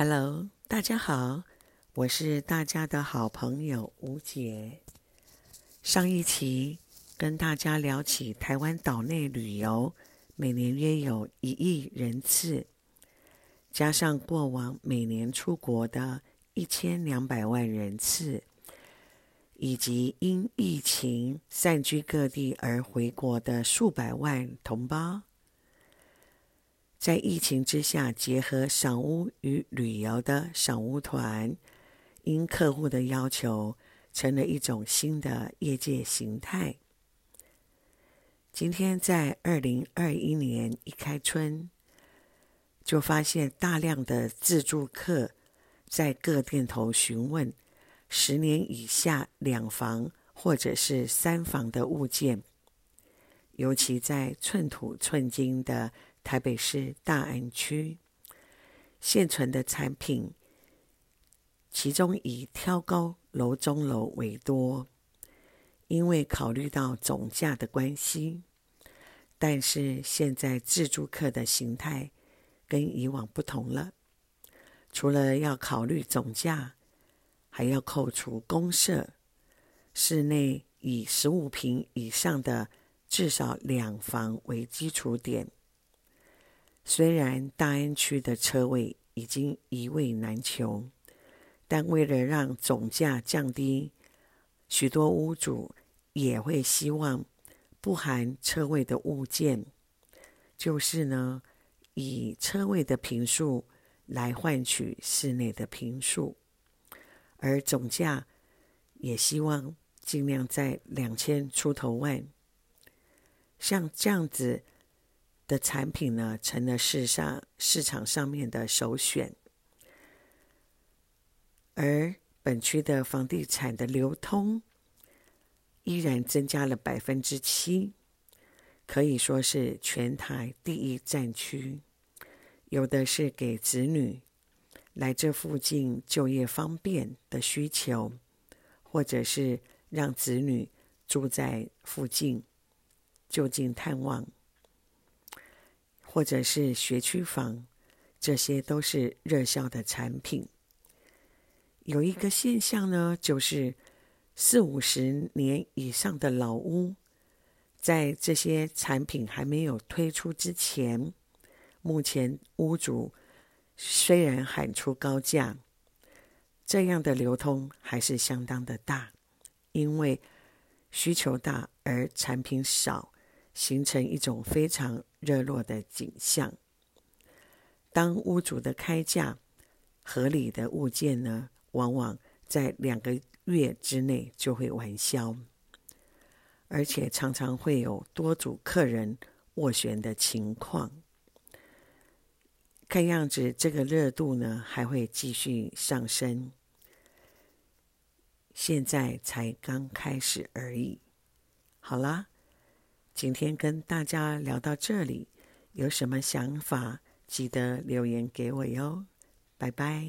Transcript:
Hello，大家好，我是大家的好朋友吳姐。上一期跟大家聊起台灣島內旅遊，每年約有一億人次，加上過往每年出國的一千兩百萬人次，以及因疫情散居各地而回國的數百萬同胞。在疫情之下，結合賞屋與旅遊的賞屋團，因客戶的要求，成了一種新的業界形態。今天在二零二一年一開春，就發現大量的自住客在各店頭詢問十年以下兩房或者是三房的物件。尤其在寸土寸金的台北市大安區，現存的產品，其中以挑高樓中樓為多，因為考慮到總價的關係。但是現在自住客的形態跟以往不同了，除了要考慮總價，還要扣除公設，室內以十五坪以上的。至少兩房為基礎點。雖然大安區的車位已經一位難求，但為了讓總價降低，許多屋主也會希望不含車位的物件，就是呢，以車位的坪數來換取室內的坪數，而總價也希望盡量在兩千出頭萬。像這樣子的產品呢，成了市上市場上面的首選。而本區的房地產的流通依然增加了百分之七，可以說是全台第一戰區。有的是給子女來這附近就業方便的需求，或者是讓子女住在附近。就近探望，或者是學區房，這些都是熱銷的產品。有一個現象呢，就是四五十年以上的老屋，在這些產品還沒有推出之前，目前屋主雖然喊出高價，這樣的流通還是相當的大，因為需求大而產品少。形成一種非常熱絡的景象。當屋主的開價合理的物件呢，往往在兩個月之內就會完銷，而且常常會有多組客人斡旋的情況。看樣子這個熱度呢還會繼續上升，現在才剛開始而已。好啦。今天跟大家聊到這裡，有什麼想法，記得留言給我喲，拜拜。